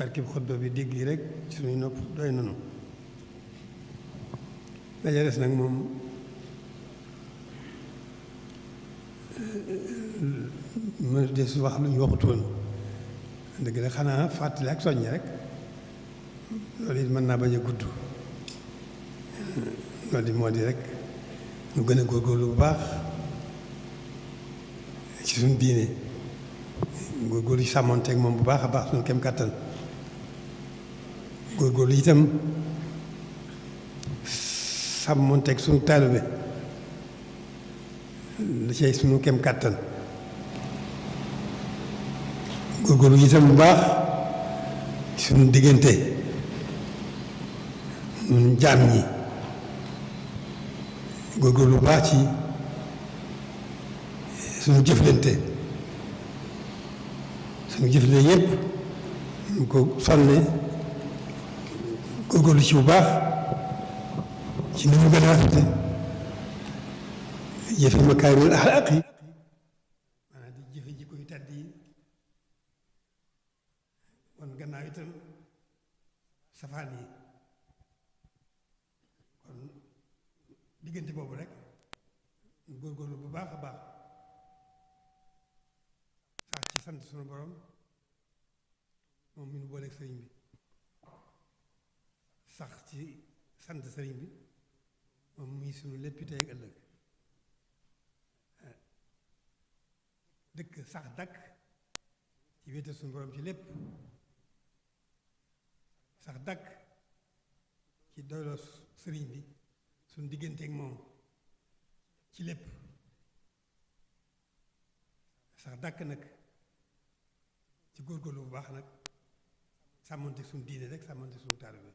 barkib xutba bi dégg yi rek ci suñuy nopp doy nanu daja des nag moom ma des wax lu ñu waxutoon dëgg la xanaa fàttali ak soññi rek loolu it mën naa bañ a gudd loolu di moo di rek ñu gën a góorgóorlu bu baax ci suñu diine góorgóorlu ci sàmmonteeg moom bu baax a baax suñu kem kàttan góorgóorlu itam sàmmonteeg sunu taalibe la cay sunu kem kàttan góorgóorlu itam lu baax sunu diggante ñun jaam ñi góorgóorlu bu baax ci sunu jëflante sunu jëflante yépp ñu ko sonne góorgóorlu ci bu baax ci ni mu gën a rafete jëfe makaarimul axlaaq yi di jëfe jikko yi wan gannaaw itam safaan yi kon diggante boobu rek góorgóorlu bu baax a baax sax ci sant sunu borom moom mi nu booleeg sëriñ bi sax ci sant sëriñ bi moom muy sunu léppi tey ëllëg dëkk sax dakk ci wéetal suñu borom ci lépp sax dakk ci doyloo sëriñ bi suñu digganteek moom ci lépp sax dakk nag ci góor góorgóorlu bu baax nag sàmmante suñu diine rek sàmmante suñu taalibe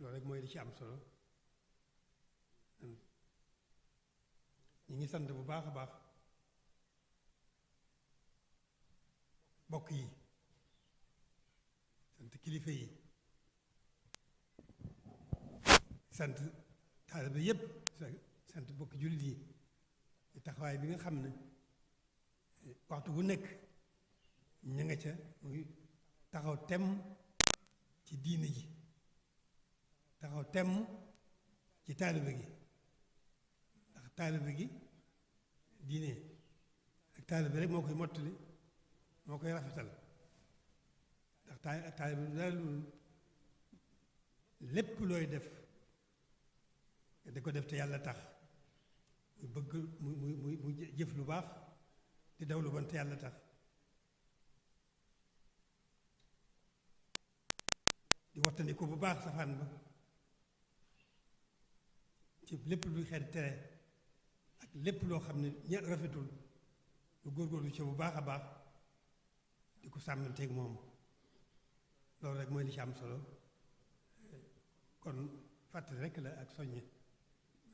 loolu rek mooy li ci am solo ñu ngi sant bu baax a baax bokk yi sant kilifa yi sant taalibe yépp sant bokk jullit yi taxawaay bi nga xam ne waxtu bu nekk ña nga ca muy taxaw tem ci diine ji taxaw temm ci taalibe gi ndax taalibe gi diine ak taalibe rek moo koy mottali moo koy rafetal ndax taalibe du lu loolu lépp looy def da ko def te yàlla tax muy bëgg mu mu mu jëf lu baax di daw lu bon te yàlla tax di wattandi bu baax safaan ba ci lépp lu xeet tere ak lépp loo xam ne ña rafetul lu góorgóorlu ci bu baax a baax di ko sàmmanteeg moom loolu rek mooy li ci am solo kon fàttali rek la ak soññe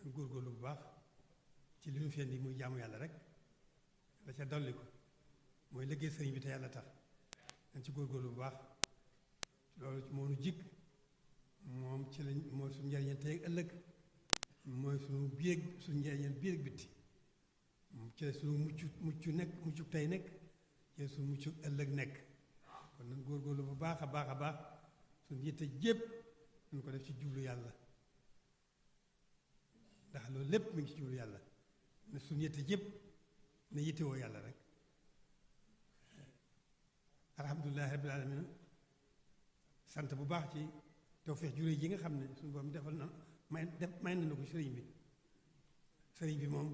man góorgóorlu bu baax ci li ñu fi indi muy jàmm yàlla rek la ca dolli ko mooy liggéey sëriñ bi te yàlla tax dañ ci góorgóorlu bu baax loolu moo jikk moom ci la mooy suñu njëriñal tey ëllëg mooy suñu biyeeg suñu njëriñal biyeeg bitti ci la suñu mucc mucc nekk muccu tey nekk ci la muccu ëllëg nekk kon góor góorlu bu baax a baax a baax su yitte jépp nañ ko def ci jublu yàlla ndax loolu lépp mi ngi ci yàlla ne suñu yitte jépp ne yitte yàlla rek alhamdulilahi rabbil alamin sant bu baax ci tawfeex jure yi nga xam ne suñu borom defal na may def may nañu ko sëriñ bi sëriñ bi moom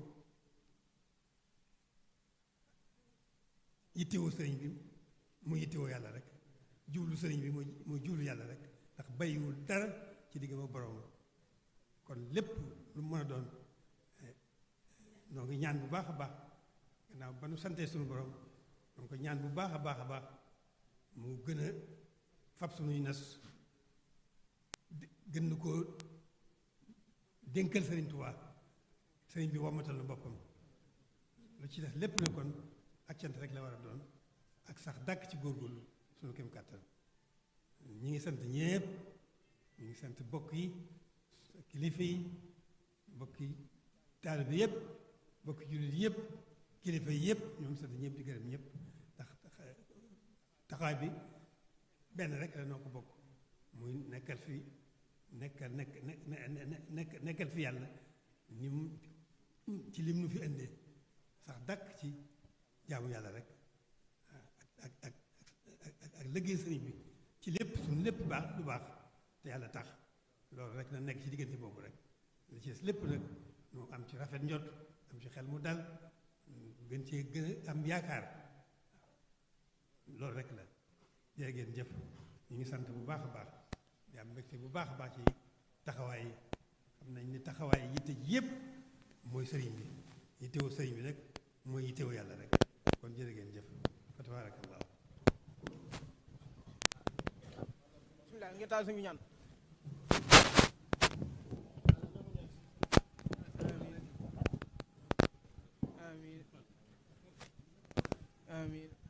yittewoo sëriñ bi mu yittewoo yàlla rek jublu sëriñ bi mu jublu yàlla rek ndax bàyyiwul dara ci digg ma borom kon lépp lu mën a doon eh, noo ngi ñaan bu baax a baax gannaaw ba nu santee suñu boroom noo ko ñaan bu baax a baax a baax mu gën fab suñuy nas gën koo dénkal sëriñ Tuubaa sëriñ bi wommatal na boppam lu ci def lépp na kon ak rek la war a doon ak sax dàkk ci góorgóorlu suñu kem kàttan ñi ngi sant ñépp ñi ngi sant bokk yi kilifa yi bokki bi yépp bokki jullit yépp kilifa yi yépp ñoom sant ñépp di gërëm ñépp ndax taxawaay bi benn rek la noo ko bokk muy nekkal fii nekkal nekk nekk nekkal fi yàlla ni mu ci lim nu fi indee sax dàkk ci jaamu yàlla rek ak ak ak ak liggéey sëriñ bi ci lépp suñu lépp baax lu baax te yàlla tax loolu rek na nekk ci diggante boobu rek li ci lépp nag mu am ci rafet njot am ci xel mu dal gën ci gën am yaakaar loolu rek la jërë ngeen jëf ñu ngi sant bu baax a baax. di am mbégte bu baax a baax ci taxawaay yi xam nañ ni taxawaay yi yitte ji yëpp mooy sëriñ bi yittewoo sëriñ bi nag mooy yittewoo yàlla rek kon jërë geen jëf fa tabarakallah bismillah ngeen taal suñu ñaan amiin amiin